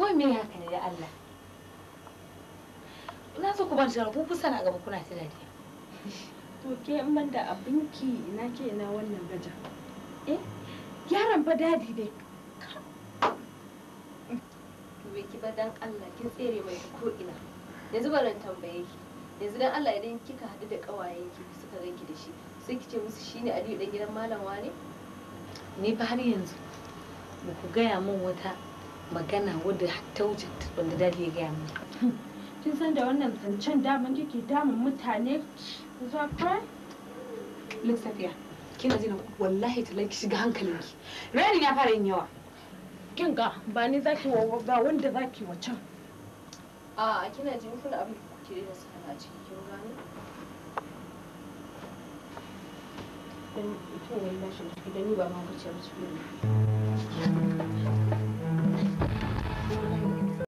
wai me haka ne da Allah na so ku ban shara ku kusa gaba kuna tunani to ke in ban da abinki na ke na wannan gaja eh yaron fa dadi ne bai ki ba dan Allah kin tsere mai ko'ina? ina yanzu baran tambaye ki yanzu dan Allah idan kika haɗu da ƙawayen ki suka ganki da shi sai ki ce musu shine Aliyu dan gidan malam wane ni fa har yanzu ba ku gaya min wata magana wadda ta wuce wanda dadi ya gaya min kin san da wannan zancen daman kike damun mutane za ka lin safiya kina jin wallahi ta laiki shiga ki? rainin ya fara yin yawa kin ga ba ni zaki wa ba wanda zaki wa can a kina jin kula abin da kuke da su a cikin kin gano dan ni